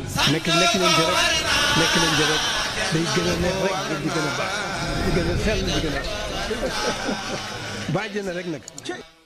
nekk nekk leen ci rek nekk leen ci rek day gën a nekk rek di gën a baax di gën a sell di gën a bàjj na rek nag